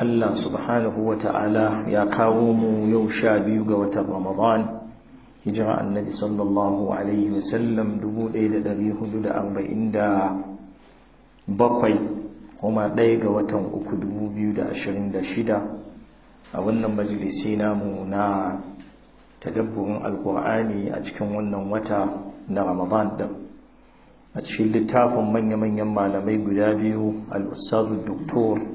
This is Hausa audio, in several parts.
Allah subhanahu wa ta'ala ya kawo mu yau sha biyu ga watan Ramadan, hijira annabi sallallahu Alaihi wasallam 1447 kuma ɗaya ga watan uku 2026 a wannan majalisi namu na tadabburin alkur'ani a cikin wannan wata na Ramadan ɗin. a cikin littafin manya-manyan malamai guda biyu al-ustazu doktor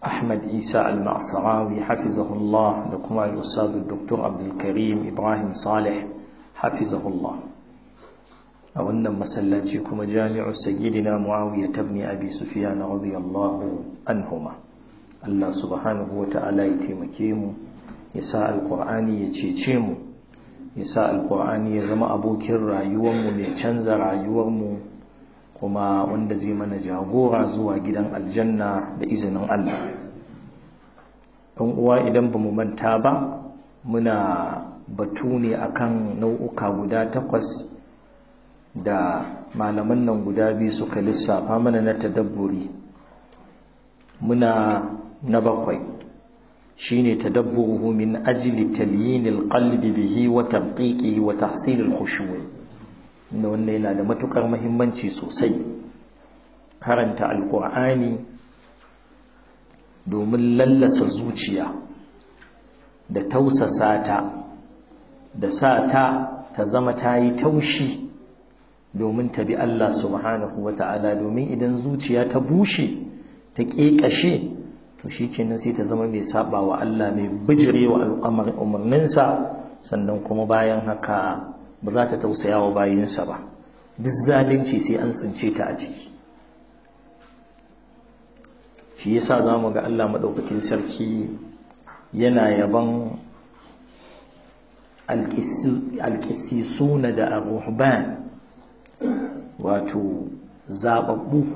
Ahmad Isa al-Ma'sarawi hafizahullah da kuma al-Ustaz Dr. Abdulkarim Ibrahim Saleh hafizahullah a wannan masallaci kuma jami'u sayyidina Muawiya ibn Abi Sufyan radiyallahu anhuma Allah subhanahu wa ta'ala ya taimake mu ya sa Al-Qur'ani ya cece mu ya sa Al-Qur'ani ya zama abokin rayuwar mu mai canza rayuwar mu kuma wanda zai mana jagora zuwa gidan aljanna da izinin Allah ɗan uwa idan ba mu manta ba muna batu ne akan nau'uka guda takwas da malaman nan guda biyu suka lissafa mana na tadabburi muna na bakwai shine tadabburu min ajli talyinil qalbi bihi wa tanqiqihi wa tahsilil khushu' inda wannan yana da matukar mahimmanci sosai karanta alkur'ani domin lallasa zuciya da tausasa ta da sa ta ta zama ta yi taushi domin ta bi Allah subhanahu wa ta'ala domin idan zuciya ta bushe ta ƙeƙashe to shi kenan sai ta zama mai saba wa Allah mai bijirewa al'amarin umarninsa sannan kuma bayan haka ba za ta tausaya wa bayinsa ba duk zalunci sai an tsince ta a ciki shi yasa za mu ga Allah maɗaukakin sarki yana yaban alƙisisuna da abubuwan, wato zaɓaɓɓu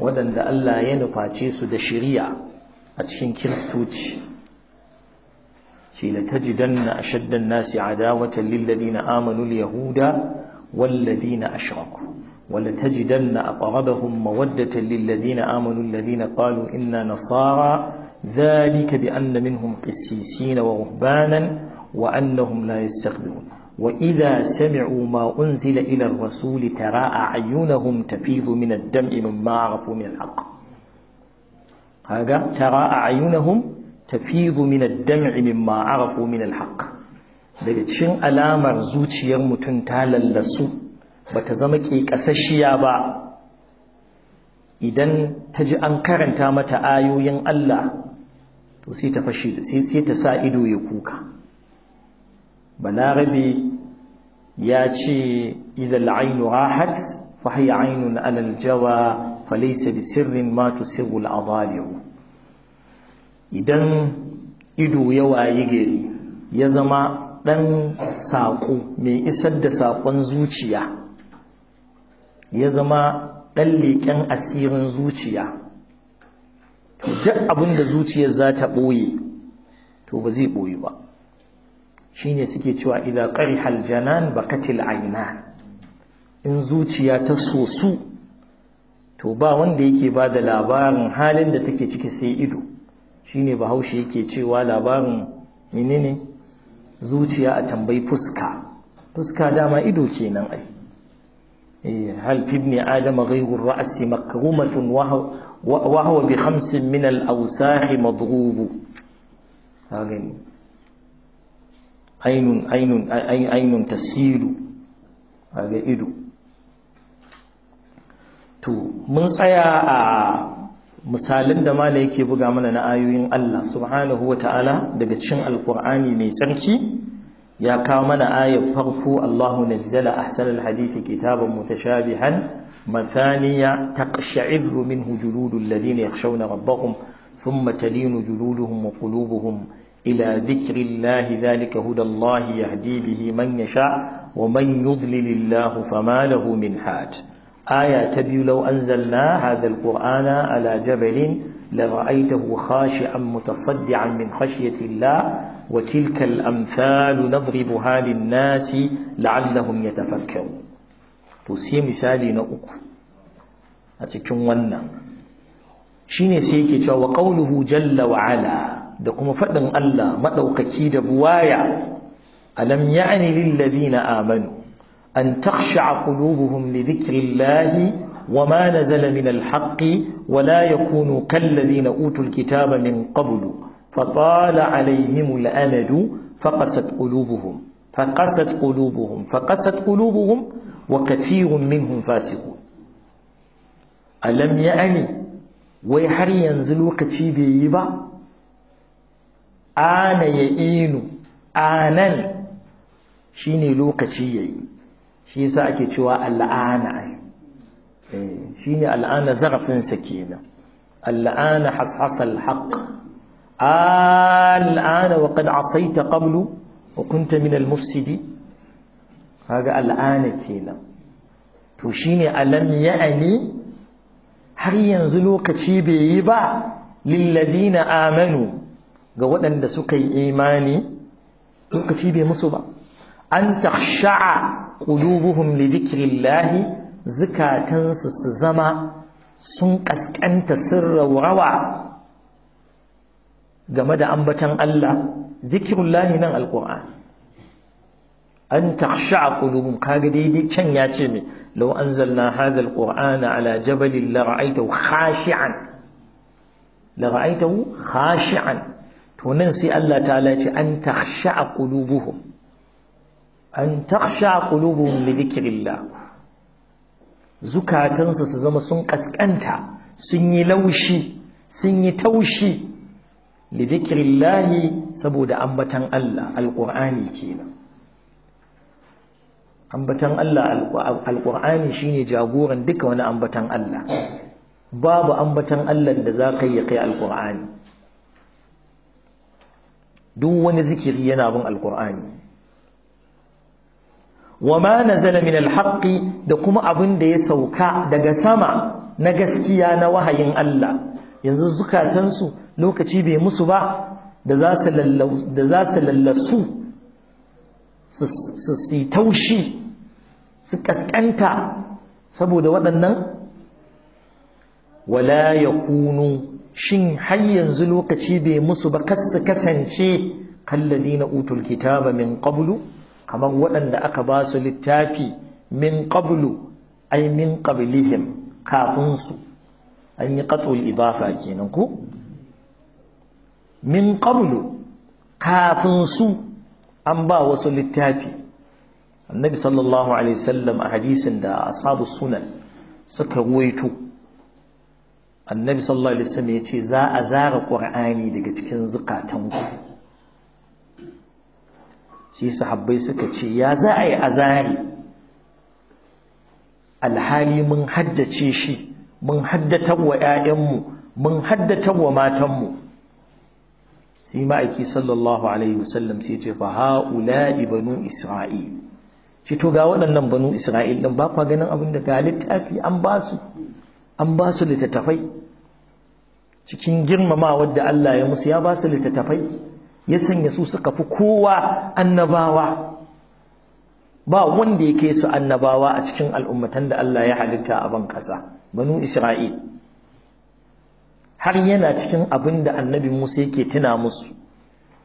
waɗanda Allah ya nuface su da shiriya a cikin kiristoci لتجدن أشد الناس عداوة للذين آمنوا اليهود والذين أشركوا ولتجدن أقربهم مودة للذين آمنوا الذين قالوا إنا نصارى ذلك بأن منهم قسيسين ورهبانا وأنهم لا يستخدمون وإذا سمعوا ما أنزل إلى الرسول ترى أعينهم تفيض من الدمع مما عرفوا من الحق هذا ترى أعينهم Tafigu min ad-dam'i mimma arafu min al-haqq daga cikin alamar zuciyar mutum ta lallasu bata zama ƙeƙasashiya ba idan ta ji an karanta mata ayoyin Allah to sai ta sai ta sa ido ya kuka balarabe ya ce idal ainu rahat fa hiya ainun alal jawa falaysa bisirrin ma tusirru al idan ido ya wayi gari ya zama ɗan saƙo mai isar da saƙon zuciya ya zama ɗan leƙen asirin zuciya duk abin da zuciyar za ta ɓoye to ba zai ɓoye ba shi ne suke cewa idan haljanan janan bakatil aina in zuciya ta sosu to ba wanda yake ba da labarin halin da take ciki sai ido shine bahaushe yake cewa labarin ne. zuciya a tambayi fuska fuska dama ido kenan ai eh, hal ibni adama ghayrul ra'asi makrumatun wa huwa bi ausahi min al awsah madghub hagani ainun ido to mun tsaya a misalin da mala yake buga mana na ayoyin Allah subhanahu wata'ala daga cikin alkur'ani mai tsarki ya kawo mana ayar farko Allahu nazzala ahsanal hadisi kitaban mutashabihan mathaniya taqsha'irru minhu juludul ladina yakhshawna rabbahum thumma talinu juluduhum wa qulubuhum ila dhikrillahi dhalika hudallahi yahdi bihi man yasha wa man yudlilillahu fama lahu min hadi aya ta biyu lau anzalna hadha alqur'ana ala jabalin لرأيته خاشعا متصدعا من خشية الله وتلك الأمثال نضربها للناس لعلهم يتفكرون تسي مثالي نأكو أتكون ونا شيني سيكي وقوله جل وعلا دقم فدن الله مدوككي دبوايا ألم يعني للذين آمنوا أن تخشع قلوبهم لذكر الله وما نزل من الحق ولا يكونوا كالذين أوتوا الكتاب من قبل فطال عليهم الأمد فقست قلوبهم فقست قلوبهم فقست قلوبهم وكثير منهم فاسقون ألم يأني ويحر ينزلوا كتيبي بيبا آن يئين آنا شيني لوكتي يئين shi yasa ake cewa al'ana eh, shi ne al'ana zarafinsa kenan al'ana hashasal haq al'ana wa kan asaita qablu wa kunta min al-mufsidi kaga al'ana kenan to shine alam ya'ani har yanzu lokaci bai yi ba lillazina amanu ga waɗanda suka yi imani lokaci bai musu ba an takhsha'a qulubuhum li lahi zukatansu su zama sun kaskanta sirrawa game da ambatan Allah lahi nan Alƙur'an? an takhsha'a qulubuhum kaga daidai can ya ce me Lau anzalna hadha alqur'ana ala jabalin la ra'aytahu khashi'an la to nan sai Allah ta'ala ce an takhsha'a qulubuhum an taksha qulubuhum li dhikrillah zukatansu su zama sun kaskanta sun yi laushi sun yi taushi li dhikrillah saboda ambatan Allah alqur'ani kenan ambatan Allah alqur'ani shine jagoran duka wani ambatan Allah babu ambatan Allah da za ka yi kai alqur'ani duk wani zikiri yana bin alqur'ani Wama na nazala min da kuma abin da ya sauka daga sama na gaskiya na wahayin Allah yanzu zukatansu lokaci bai musu ba da za su lallasu su taushi su kaskanta saboda waɗannan wala ya kunu shin har yanzu lokaci bai musu ba kas su kasance kalladi na utul kitaba min qablu kamar waɗanda aka ba su littafi min qablu ai min qablihim kafin su an yi qatul idafa kenan ku? min qablu kafin su an ba wasu littafi annabi sallallahu alaihi sallam, a hadisin da ashabu sunan suka ruwaito annabi sallallahu alaihi sallam, ya ce za a zara qur'ani daga cikin zukatanku Shi sahabbai suka ce ya za a yi azari alhali mun haddace shi mun haddata wa 'ya'yanmu mun haddata wa matanmu sai ma'aiki sallallahu alaihi wasallam sai ce fa ha’ula ibanu isra'il ce to ga waɗannan banu isra'il ɗin ba kwa ganin abin da ga littafi an ba su an ba su littattafai cikin girmama wadda Allah ya musu ya ba su littattafai ya sanya su suka fi kowa annabawa ba wanda ya kai su annabawa a cikin al'ummatan da Allah ya halitta a ban ƙasa banu Isra'il har yana cikin abin da annabi Musa yake tuna musu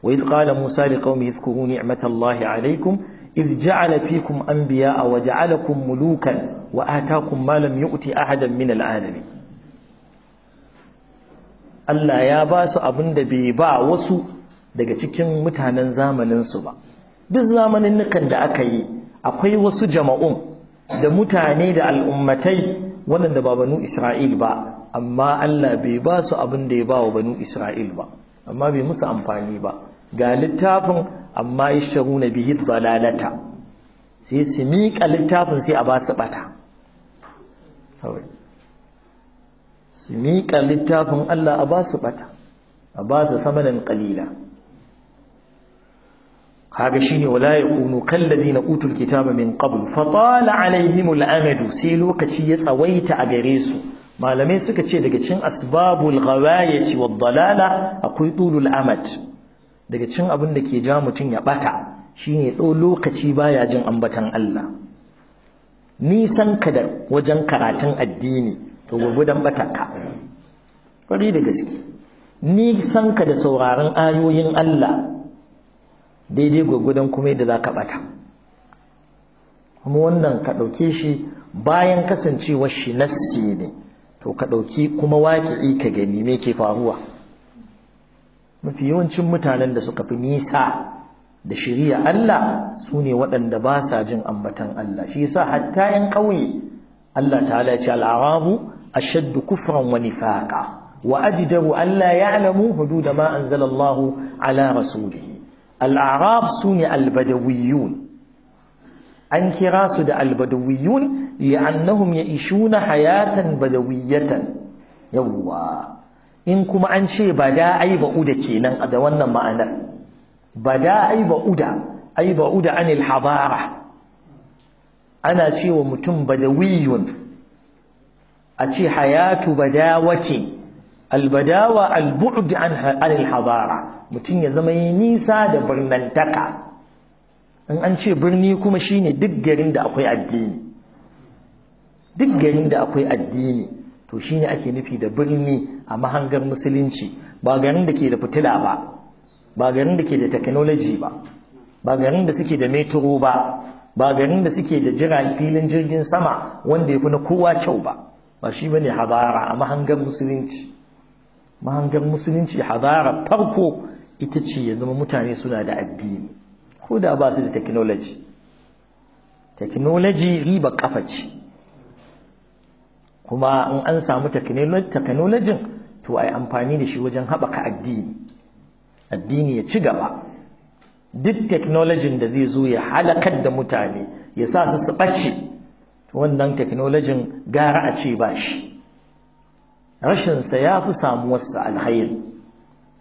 wa idh qala Musa liqaumi yadhkuru ni'matallahi alaykum idh ja'ala fikum anbiya'a wa ja'alakum mulukan wa ataakum ma lam yu'ti ahadan min al'alamin Allah ya ba su abin da bai ba wasu daga cikin mutanen zamaninsu ba duk zamanin nukan da aka yi akwai wasu jama'un da mutane da al'ummatai waɗanda ba banu isra'il ba amma allah bai ba su abin da ya ba wa banu isra'il ba amma bai musu amfani ba ga littafin amma yashtaru na bihi dalalata sai su miƙa littafin sai a ba su bata su miƙa littafin allah a ba su bata a ba su samanin ƙalila kaga shine wala ya yakunu ladina utul kitaba min qabl fatala alaihimul amadu sai lokaci ya tsawaita a gare su malamai suka ce daga cin asbabul ghawayati wad dalala akwai tulul amad daga cin abin da ke ja mutun ya bata shine ɗau lokaci baya jin ambatan Allah nisan ka da wajen karatun addini to bata ka. kwari da gaske nisan ka da sauraron ayoyin Allah daidai gwagwadon kuma yadda za ka ɓata kuma wannan ka ɗauke shi bayan kasancewar shi nassi ne to ka ɗauki kuma waƙi ka gani me ke faruwa mafi yawancin mutanen da suka fi nisa da shari'a Allah su ne waɗanda ba sa jin ambatan Allah shi yasa hatta yan ƙauye Allah ta'ala ce al'arabu ashaddu kufran wa nifaqa wa ajdaru alla ya'lamu da ma anzalallahu ala rasulihi al'arab su ne albadawiyun an kira su da albadawiyun li'annahum ya ishu na hayatan badawiyatan yawwa in kuma an ce ba da ai ba'uda kenan da wannan ma'anar ba da ai ba'uda ai ba'uda anil ana cewa mutum badawiyun a ce hayatu badawati albadawa albu'd an halin hadara mutum ya zama yi nisa da birnantaka in an ce birni kuma shine duk garin da akwai addini duk garin da akwai addini to shine ake nufi da birni a mahangar musulunci ba garin da ke da fitila ba ba garin da ke da technology ba ba garin da suke da metro ba ba garin da suke da jira filin jirgin sama wanda ya fi na kowa kyau ba ba shi bane habara a mahangar musulunci mahangar musulunci hadara farko ita ce ya zama mutane suna da addini ko da ba su da technology technology riba kafa ce kuma in an samu technology to ai amfani da shi wajen haɓaka addini addini ya ci gaba duk technology da zai zo ya halakar da mutane ya sa su su ɓace wannan technology gara a ce ba shi rashinsa ya fi samuwarsa alhayin.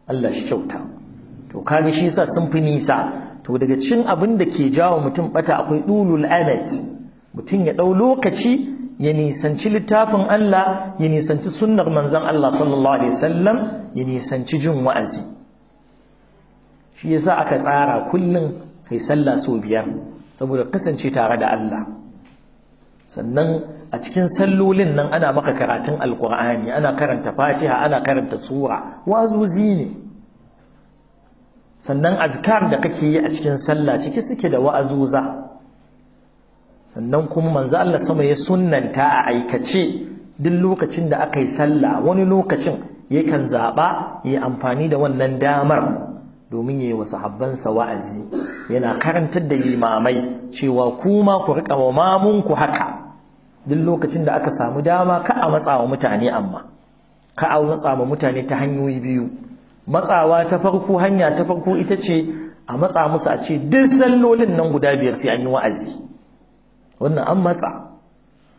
Allah shi kyauta to kaga shi yasa sun fi nisa to daga cikin abin da ke jawo mutum bata akwai dulul amad mutum ya dau lokaci ya nisanci littafin Allah ya nisanci sunnar manzon Allah sallallahu alaihi wasallam ya nisanci jin wa'azi shi yasa aka tsara kullum kai sallah sau biyar saboda kasance tare da Allah sannan a cikin sallolin nan ana maka karatun alkur'ani ana karanta fatiha ana karanta sura wazuzi ne sannan azkar da kake yi a cikin sallah ciki suke da wa'azuza sannan kuma manzo Allah sama ya sunnanta a aikace duk lokacin da aka yi sallah wani lokacin yakan zaɓa ya amfani da wannan damar domin ya yi wa sahabbansa wa'azi yana karantar da limamai cewa kuma ku riƙa wa mamunku haka duk lokacin da aka samu dama ka a matsa mutane amma ka a matsa mutane ta hanyoyi biyu matsawa ta farko hanya ta farko ita ce a matsa musu a ce duk sallolin nan guda biyar sai an yi wa'azi wannan an matsa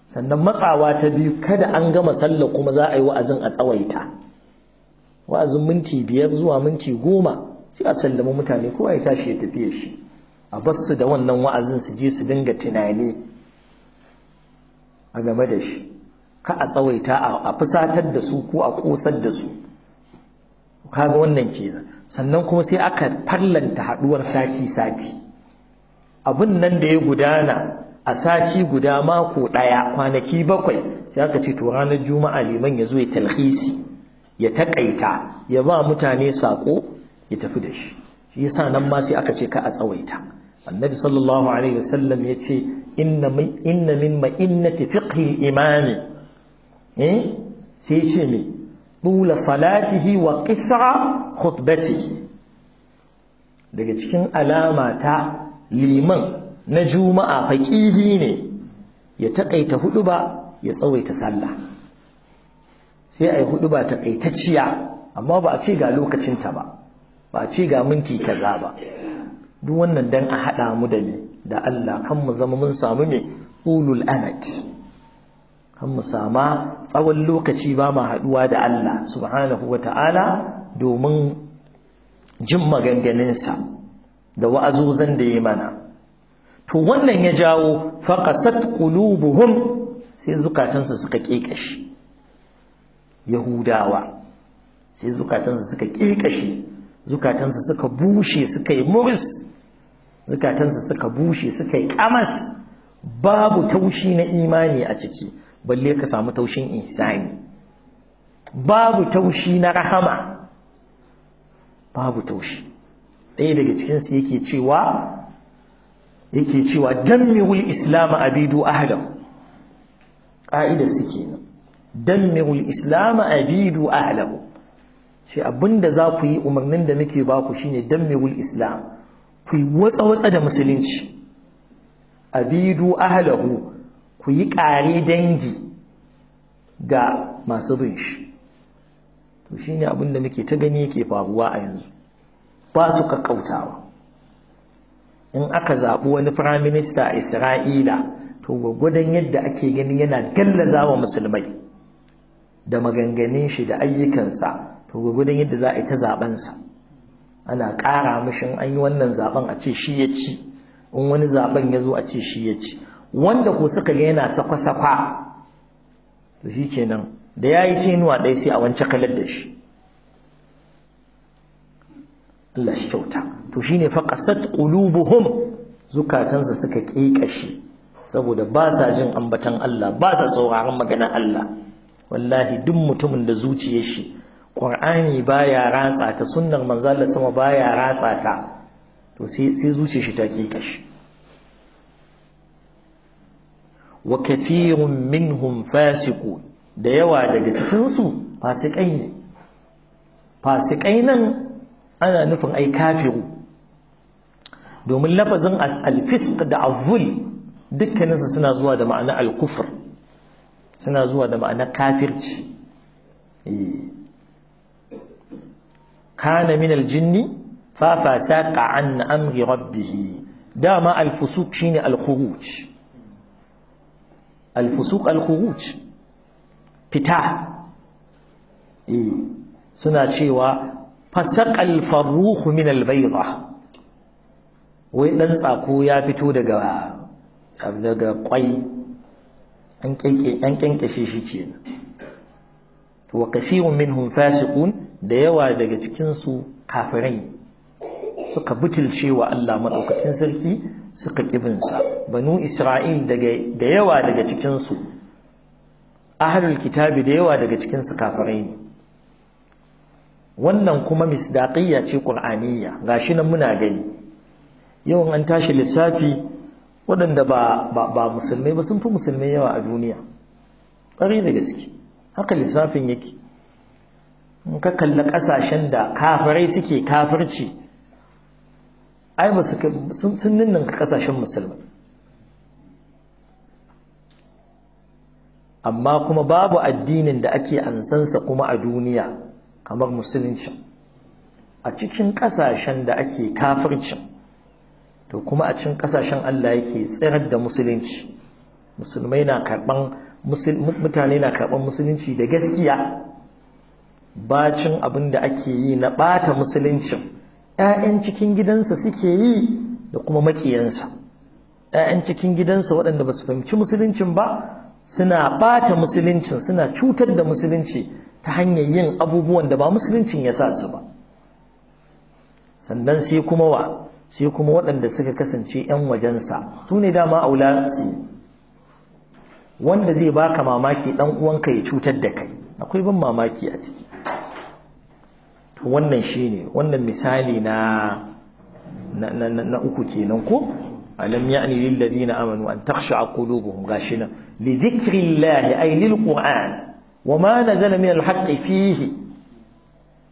sannan matsawa ta biyu kada an gama sallar kuma za a yi wa'azin a tsawaita wa'azin minti biyar zuwa minti goma sai a sallama mutane kowa ya tashi ya tafiye shi a su da wannan wa'azin su je su dinga tunani a game da shi ka a tsawaita a fusatar da su ko a kosar da su kaga wannan kenan sannan kuma sai aka fallanta haduwar sati sati abin nan da ya gudana a sati guda mako daya kwanaki bakwai sai aka ce to ranar juma'a liman ya zo ya talhisi ya takaita ya ba mutane sako ya tafi da shi shi yasa nan ma sai aka ce ka a tsawaita annabi sallallahu alaihi wasallam ya ce inna min inna min ma'innati fiqhi al-imam eh sai ce me dula salatihi wa qisra khutbatihi daga cikin alama ta liman na juma'a faqihi ne ya takaita hudu ba ya tsawaita sallah sai ai hudu ba takaitacciya amma ba a ce ga lokacinta ba ba ce ga minti kaza ba duk wannan dan a haɗa mu da ni da Allah kan mu zama mun samu me ulul anad kan mu sama tsawon lokaci ba mu haɗuwa da Allah subhanahu wa domin jin sa da wa'azozan da yayi mana to wannan ya jawo faqasat qulubuhum sai su suka kekashi yahudawa sai su suka kekashi zukatansu suka bushe suka yi muris zukatansu suka bushe suka yi kamas babu taushi na imani a ciki balle ka samu taushin insani babu taushi na rahama babu taushi ɗaya daga cikinsu yake cewa yake cewa dammihul islam abidu ahlahu ƙa'idar su kenan dammihul islam abidu ahlahu ce abinda za ku yi umarnin da muke ba ku shine mewul islam ku yi watsa-watsa da musulunci abidu ahlahu ku yi ƙare dangi ga masu bin shi to shine abinda muke ta gani ke faruwa a yanzu ba su ka kautawa in aka zaɓi wani firaminista a isra'ila to gwagwadon yadda ake ganin yana gallaza wa musulmai da maganganun shi da ayyukansa to gudun yadda za a yi ta zabansa ana ƙara mishin an yi wannan zaɓen a ce shi ya ci in wani zaɓen ya zo a ce shi ya ci wanda ko suka ga yana sakwa-sakwa to shi kenan da ya yi tenuwa ɗaya sai a wance kalar da shi Allah shi kyauta to shi ne faƙasat ƙulubuhum zukatansa suka ƙiƙashi saboda ba sa jin ambatan Allah ba sa sauraron maganar Allah wallahi duk mutumin da zuciyar shi ƙwar'ani ba ya ratsa ta sunnar manzala sama ba ya ratsa ta to sai zuce shi ta ke kashi wa kathirun minhum fasiku da yawa daga cikinsu fasikai ne fasikai nan ana nufin ai kafiru domin lafazin alfisk da azul dukkaninsu suna zuwa da ma'ana alkufur suna zuwa da ma'ana kafirci eh. kana min aljinni fa fasaqa an amri rabbih dama alfusuk shine alkhuruj alfusuk alkhuruj fita eh, suna cewa fasaqa farruhu min albayda wai dan tsako ya fito daga daga kwai an kyankyashe shi kenan wa kasirun minhum fasiqun da yawa daga cikinsu kafirai suka butulce wa Allah maɗaukacin sarki suka ƙibinsa banu isra'il da yawa daga cikinsu ahalul kitabi da yawa daga cikinsu kafirai ne wannan kuma misdaƙiyya ce ƙul'aniyya ga shi nan muna gani yawan an tashi lissafi waɗanda ba musulmai ba sun fi musulmai yawa a duniya ƙari da gaske haka lissafin yake in ka kalli ƙasashen da kafirai suke kafirci ai ba sun ninninka ƙasashen musulmai amma kuma babu addinin da ake ansansa kuma a duniya kamar musulunci a cikin ƙasashen da ake kafirci to kuma a cikin ƙasashen Allah yake tsirar da musulunci musulmai na karban mutane na karɓar musulunci da gaskiya bacin abin da ake yi na ɓata musulunci 'ya'yan cikin gidansa suke yi da kuma maƙiyansa 'ya'yan cikin gidansa waɗanda ba su fahimci musuluncin ba suna ɓata musuluncin suna cutar da musulunci ta hanyar yin abubuwan da ba musuluncin ya sa su ba sannan sai kuma wa sai kuma waɗanda suka kasance 'yan wajensa su ne dama aula wanda zai baka mamaki ɗan uwanka ya cutar da kai akwai ban mamaki a ciki to wannan shi ne wannan misali na na uku kenan ko alam ya'ni lil ladina amanu an takhsha qulubuhum gashina li dhikrillahi ay lil qur'an wa ma nazala min al haqqi fihi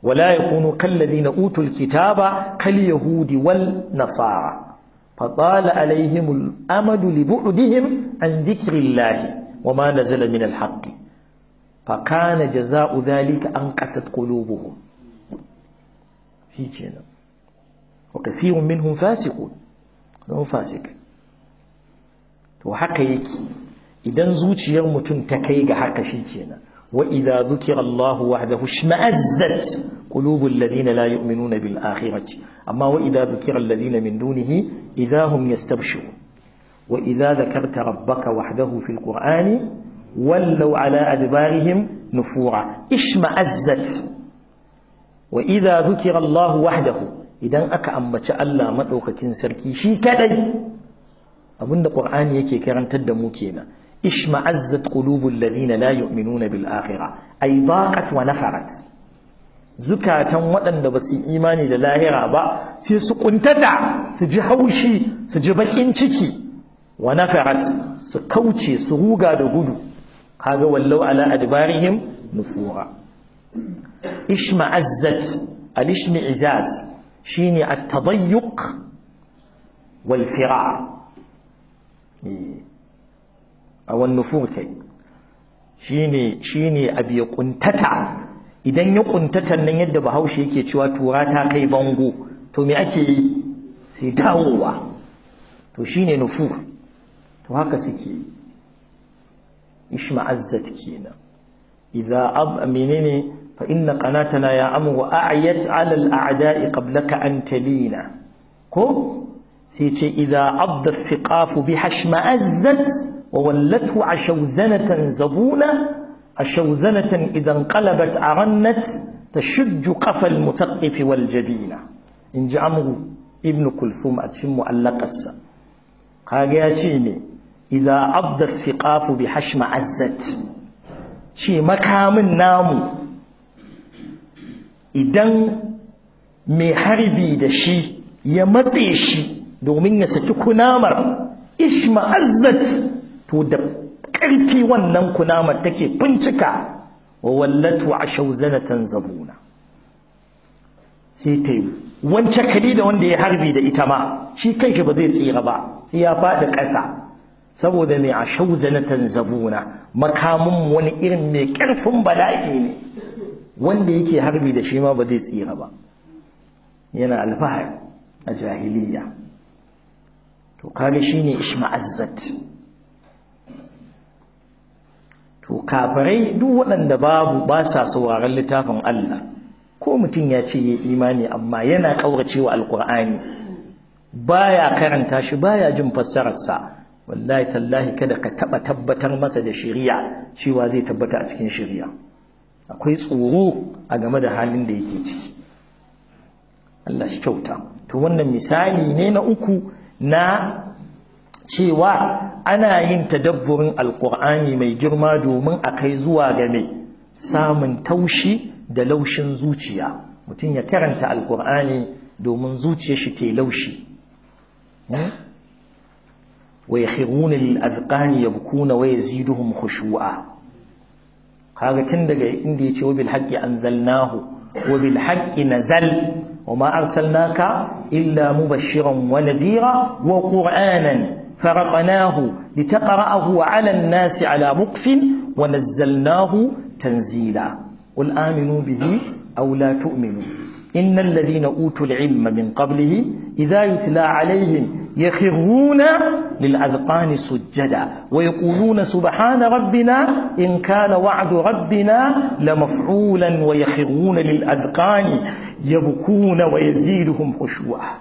wa la yakunu kal ladina utul kitaba kal yahudi wal nasara fa qala alayhim al amad li bu'dihim an dhikrillahi wa ma nazala min al haqqi fa kana an qasat qulubuhum تيجينا وكثير منهم فاسقون هم فاسق وحقيك إذا زوج يوم تنتكيج حق شيجينا وإذا ذكر الله وحده اشمأزت قلوب الذين لا يؤمنون بالآخرة أما وإذا ذكر الذين من دونه إذا هم يستبشرون وإذا ذكرت ربك وحده في القرآن ولوا على أدبارهم نفورا اشمأزت wa iza dhukira Allah wahdahu idan aka ambaci Allah madaukakin sarki shi kadai abinda qur'ani yake karantar da mu kenan ishma'azzat qulubul ladina la yu'minuna bil akhirah ay daqat wa nafarat zukatan waɗanda basu yi imani da lahira ba sai su kuntata su ji haushi su ji bakin ciki wa nafarat su kauce su ruga da gudu kaga wallau ala adbarihim nufura ishma'azzat al-ishmi'izaz shine at-tadayyuq wal fira' eh, a wannan furtai shine shine abi kuntata idan ya kuntata nan yadda bahaushe yake cewa tura ta kai bango to me ake yi sai dawowa to shine nufur to haka suke Isma'azat kenan إذا أض منني فإن قناتنا يا أمو أعيت على الأعداء قبلك أن تلينا كو سيتي إذا عض الثقاف بحشم أزت وولته عشوزنة زبونة عشوزنة إذا انقلبت أرنت تشج قفا المثقف والجبينة إن جعمه ابن كلثوم أتشم ألقس قاقاتيني إذا عض الثقاف بحشم أزت ce makamin namu idan mai harbi da shi ya matse shi domin ya saki kunamar ishma'azzat to da ƙarfi wannan kunamar take bincika wa wallatu a shauzanatan zabuna sai ta yi wancan kali da wanda ya harbi da ita ma shi kanshi ba zai tsira ba sai ya faɗi ƙasa saboda mai a na zabuna makamin wani irin mai ƙarfin bala'i ne wanda yake harbi da shi ma ba zai tsira ba yana alfahar a jahiliya to shi shine ishma'azzat to kafirai duk waɗanda babu ba sa sauraron littafin Allah ko mutum ya ce ya imani amma yana ƙauracewa alƙur'ani baya karanta shi baya jin fassararsa wallahi tallahi kada ka taba tabbatar masa da shari'a cewa zai tabbata a cikin shari'a akwai tsoro a game da halin da yake ciki Allah shi kyauta to wannan misali ne na uku na cewa ana yin tadabburin alkur'ani mai girma domin a kai zuwa ga mai samun taushi da laushin zuciya mutum ya karanta alkur'ani domin zuciyar shi ke laushi hmm? ويخرون للأذقان يبكون ويزيدهم خشوعا هذا عندما يقول وبالحق أنزلناه وبالحق نزل وما أرسلناك إلا مبشرا ونذيرا وقرآنا فرقناه لتقرأه على الناس على مكف ونزلناه تنزيلا قل آمنوا به أو لا تؤمنوا إن الذين أوتوا العلم من قبله إذا يتلى عليهم يخرون للأذقان سجدا ويقولون سبحان ربنا إن كان وعد ربنا لمفعولا ويخرون للأذقان يبكون ويزيدهم خشوعا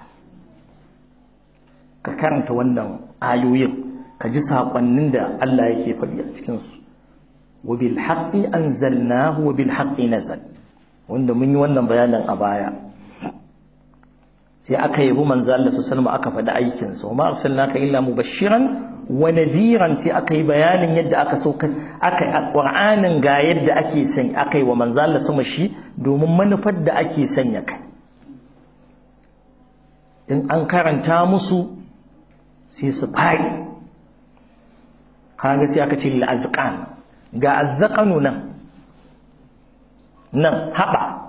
كان تولى آيوين كجسها قنندا ألا يكيف وبالحق أنزلناه وبالحق نزل wanda mun yi wannan bayanin a baya sai aka yabi manzo Allah sallallahu aka faɗi aikin sa ma ka illa mubashiran wa nadhiran sai aka yi bayanin yadda aka sauka aka Qur'anin ga yadda ake san aka yi wa manzo Allah sama shi domin manufar da ake sanya kai in an karanta musu sai su fari kaga sai aka ce la'azqan ga azzaqanu nan nan haɓa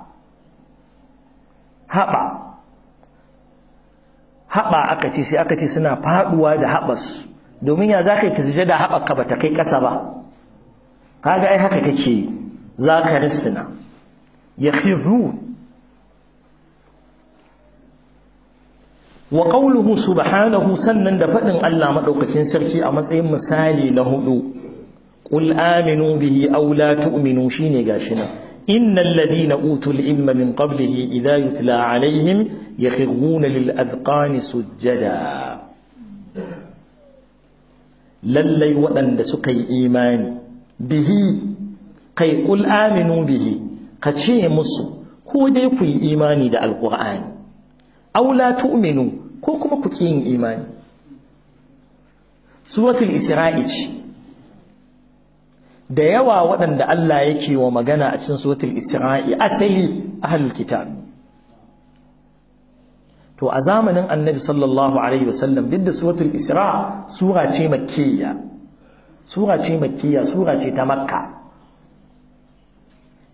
haɓa haɓa aka ce sai aka ce suna faɗuwa da haɓas domin ya za yi kasije da haɓaka ba ta kai ƙasa ba kaga ai haka kake za ka rissina ya khidu wa qawluhu subhanahu sannan da faɗin Allah maɗaukakin sarki a matsayin misali na hudu qul aminu bihi aw la tu'minu shine gashi nan إن الذين أوتوا العلم من قبله إذا يتلى عليهم يخرون للأذقان سجدا للي ودن سكي إيمان به قي قل آمنوا به كشي مص هو دي في إيماني دا القرآن أو لا تؤمنوا كوكما كتين إيمان سورة الإسرائيل da yawa waɗanda Allah yake wa magana a cin suratul isra'i asali halin kitab to a zamanin annabi sallallahu alaihi wasallam duk da suratul isra sura ce makkiya sura ce makkiya sura ce ta makka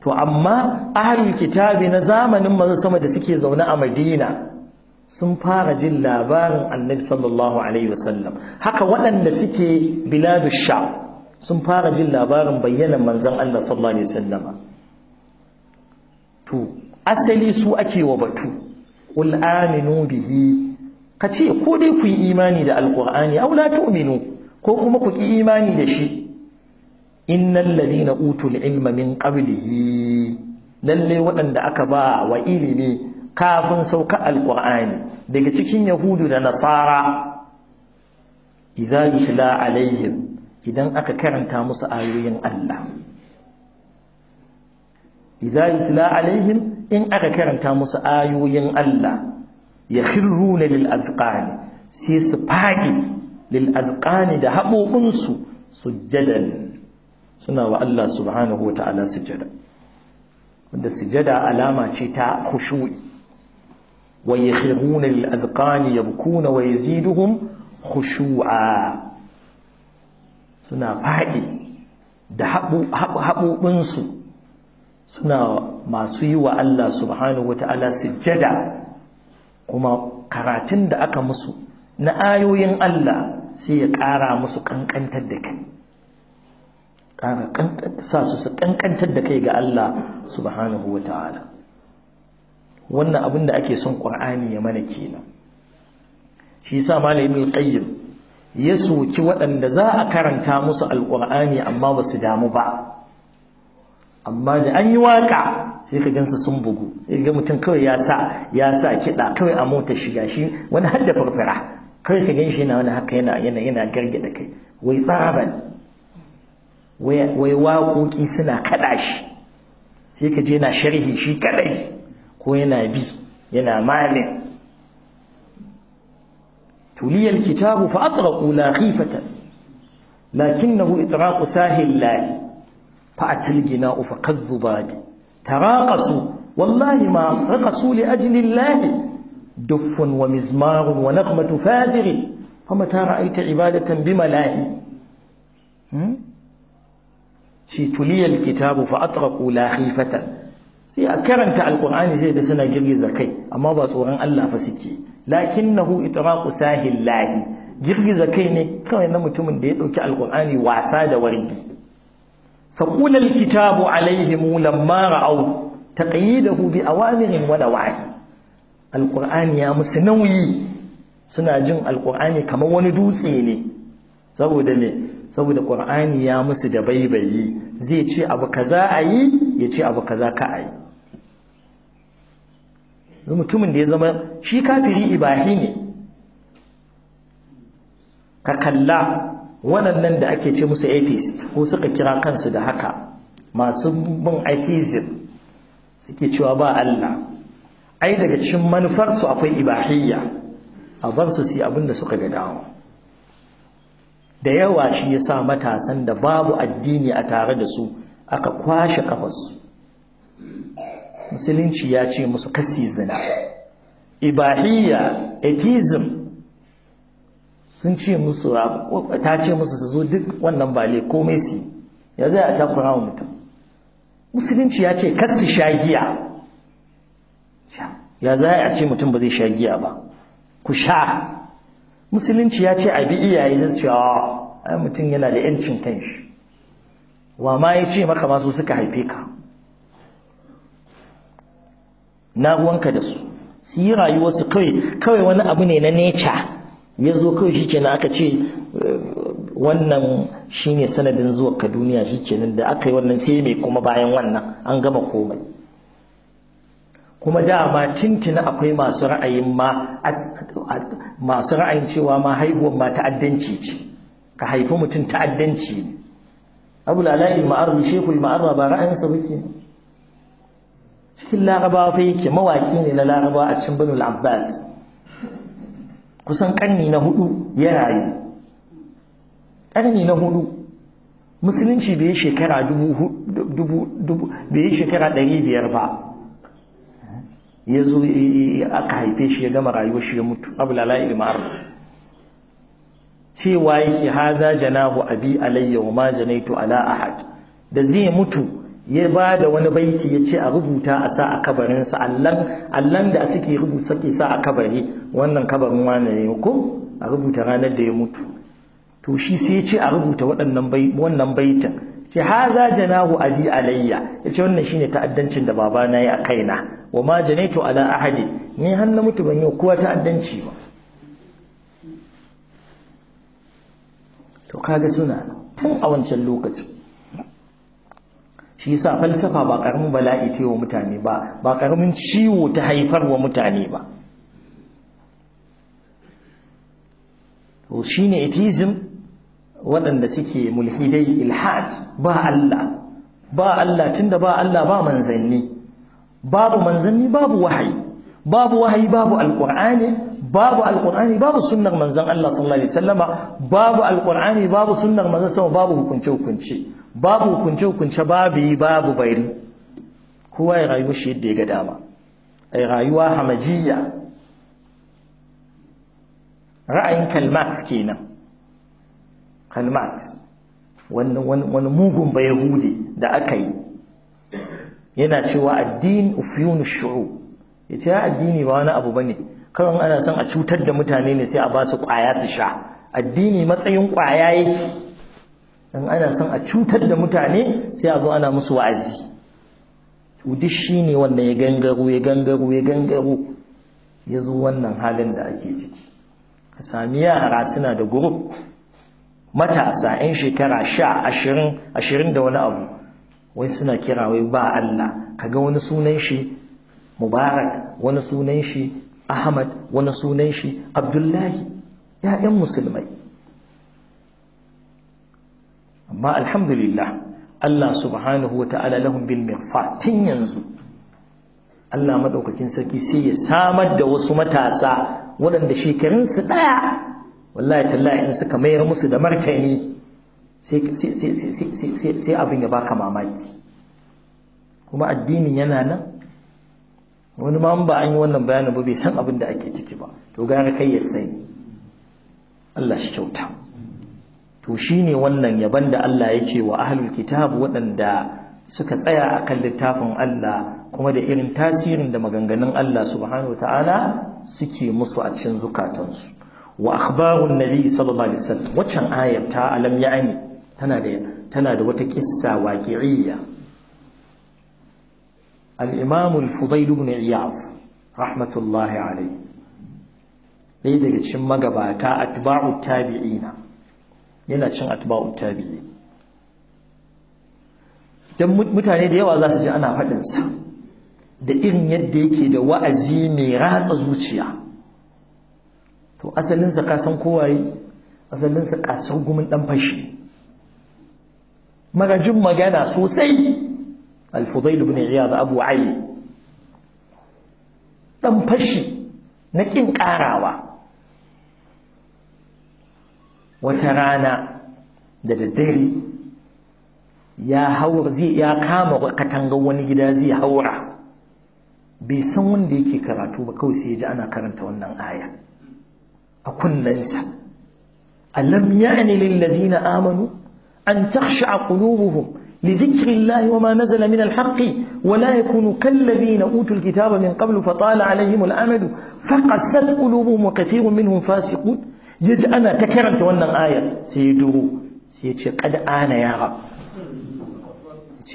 to amma ahlul kitabi na zamanin masu sama da suke zaune a madina sun fara jin labarin annabi sallallahu alaihi wasallam haka waɗanda suke biladu sha sun fara jin labarin bayyanan manzon Allah sallallahu alaihi wasallama to asali su ake wa batu qul aminu bihi kace ko dai ku yi imani da alqur'ani aw la tu'minu ko kuma ku ƙi imani da shi innal na utul ilma min qablihi lalle waɗanda aka ba wa ilimi kafin sauka Al'ƙur'ani daga cikin yahudu da nasara idza yutla alaihim idan aka karanta musu ayoyin Allah idza yutla alaihim in aka karanta musu ayoyin Allah yakhruna lil azqani sai su fadi lil azqani da habobin su sujjadan suna wa Allah subhanahu wataala sujada, wanda sujada alama ce ta khushu'i wa yakhruna lil azqani yabkuna wa yaziduhum khushu'a suna faɗi da haɓuɓinsu suna masu yi wa Allah subhanahu wata'ala sujjada kuma karatun da aka musu na ayoyin Allah sai ya ƙara musu ƙanƙantar da kai ƙara sa su su ƙanƙantar da kai ga Allah subhanahu wata'ala wannan abin da ake son ƙur'ani ya mana kenan shi sa malamin ƙayyar ya soki waɗanda za a karanta musu alƙur'ani amma ba su damu ba amma da an yi waƙa sai ka gansa sun bugu sai ga mutum kawai ya sa ya sa kiɗa kawai a mota shiga shi wani hadda farfara kawai ka gan shi yana wani haka yana yana yana kai wai tsaban wai waƙoƙi suna kaɗa shi sai ka je yana sharhi shi kaɗai ko yana bi yana malin تلي الكتاب فأطرقوا لا خيفة لكنه إطراق ساهل الله فأتى الجناء فكذبان تراقصوا والله ما رقصوا لأجل الله دف ومزمار ونغمة فاجر فمتى رأيت عبادة بملاه تلي الكتاب فأطرقوا لا خيفة sai a karanta alkur'ani zai da suna girgiza kai amma ba tsoron Allah fa suke lakinnahu itraqu sahil lahi girgiza kai ne kawai na mutumin da ya dauki alkur'ani wasa da wargi qula alkitabu alaihim lamma ra'aw taqyidahu bi awamirin wa nawahi alkur'ani ya musu nauyi suna jin alkur'ani kamar wani dutse ne saboda ne saboda qur'ani ya musu da baibayi zai ce abu kaza a yi ya ce abu kaza ka a yi mutumin da ya zama shi kafiri ibahi ne ka kalla waɗannan da ake ce musu atheist ko suka kira kansu da haka masu bin atheism suke cewa ba Allah ai daga cikin manufarsu akwai ibahiyya a bar su si abin da suka ga dawo da yawa shi ya sa matasan da babu addini a tare da su aka kwashe kafarsu musulunci ya ce musu kasi zina ibahiyya atheism sun ce musu ta ce musu su zo duk wannan ba komai su ya zai a takura wa mutum musulunci ya ce kasi shagiya ya za a ce mutum ba zai sha giya ba ku sha musulunci ya ce a bi iyaye zai cewa ah, ai mutum yana da yancin kanshi wa ma ya ce maka masu suka haife ka na uwanka da su su yi rayuwarsu kawai kawai wani abu ne na neca ya zo kawai shi kenan aka ce eh, wannan shi ne sanadin zuwa ka duniya shi kenan da aka yi wannan sai mai kuma bayan wannan an gama komai kuma dama tintina akwai masu ra'ayin ma masu ra'ayin cewa ma haihuwar ma ta'addanci ce ka haifi mutum ta'addanci ne abul ala'i ma'arru shekul ma'arra ba ra'ayinsa muke cikin larabawa fa yake mawaƙi ne na larabawa a cikin banul abbas kusan ƙarni na hudu ya rayu ƙarni na hudu musulunci bai yi shekara dubu dubu dubu bai yi shekara ɗari biyar ba ya zo aka haife shi ya gama rayuwa shi ya mutu abu lalai ilmar cewa yake haza janahu abi alayya wa ma janaitu ala ahad da zai mutu ya ba da wani baiti ya ce a rubuta a sa a kabarinsa allan da suke rubuta suke sa a kabari wannan kabarin wani ne ko a rubuta ranar da ya mutu to shi sai ya ce a rubuta wannan baitin ce haza janahu abi alayya yace wannan shine ta'addancin da babana ya kaina wa ma janaitu ala ahadi ni har na mutu ban yi kowa ta'addanci ba Ka ga suna tun a wancan lokacin shi yasa falsafa ba karamin bala'i ta wa mutane ba ba karamin ciwo ta haifar wa mutane ba shi shine atheism waɗanda suke mulhidai ilhad ba Allah ba Allah tunda ba Allah ba manzanni babu manzanni babu wahayi babu wahayi babu alqur'ani babu alkurani babu sunnar manzon Allah sallallahu alaihi wasallama babu alkur'ani babu sunnar manzon sama babu hukunce hukunce babu hukunce hukunce babu yi babu bari kowa ya rayu shi yadda ya ga dama ai rayuwa hamajiya ra'ayin kalmat kenan kalmat wani mugun ba yahudi da aka yi yana cewa addini ufiyun shu'u ya ce addini ba wani abu ba ne kawai ana son a cutar da mutane ne sai a ba su kwaya su sha addini matsayin kwaya yake in ana son a cutar da mutane sai a zo ana musu wa'azi to duk shi ne wanda ya gangaro ya gangaro ya gangaro ya zo wannan halin da ake ciki ka sami yara suna da gurup matasa 'yan shekara sha ashirin ashirin da wani abu wai suna kira wai ba Allah ka ga wani sunan shi mubarak wani sunan shi ahmad wani sunan shi abdullahi ‘ya'yan musulmai amma alhamdulillah Allah subhanahu wa ta'ala lahun bil mirfatin yanzu Allah maɗaukakin sarki sai ya samar da wasu matasa waɗanda shekarunsu ɗaya wallahi tallahi in suka mayar musu da martani sai abin ya baka mamaki kuma addinin yana nan wani ma ba an yi wannan bayanin ba bai san abin da ake ciki ba to gara kai ya sani Allah shi kyauta to shine wannan yaban da Allah yake wa ahlul kitab waɗanda suka tsaya akan littafin Allah kuma da irin tasirin da maganganun Allah subhanahu wata'ala suke musu a cikin zukatansu wa akhbarun nabi sallallahu alaihi wasallam waccan ayar ta alam ya'ani tana da tana da wata kissa waqi'iyya الإمام al بن عياض رحمة rahmatullahi عليه ɗaya daga cikin magabata atba'u التابعين yana cin أتباع التابعين dan mutane da yawa za su ji ana faɗin sa da irin yadda yake da wa'azi mai ratsa zuciya to asalin sa san kowaye asalin sa kasar gumin dan fashi magajin magana sosai al-fudail ibn iyad ɗan fashi na kin karawa wata rana da daddare ya kama katangar wani gida zai haura bai san wanda yake karatu ba kawai sai ya ana karanta wannan aya a kunnensa alam ya'ni lil ladina amanu an takhsha qulubuhum لذكر الله وما نزل من الحق ولا يكونوا كالذين أوتوا الكتاب من قبل فطال عليهم الأمد فقست قلوبهم وكثير منهم فاسقون يجي أنا تكرمت وانا آية سيدوه سيدي قد آنا يا رب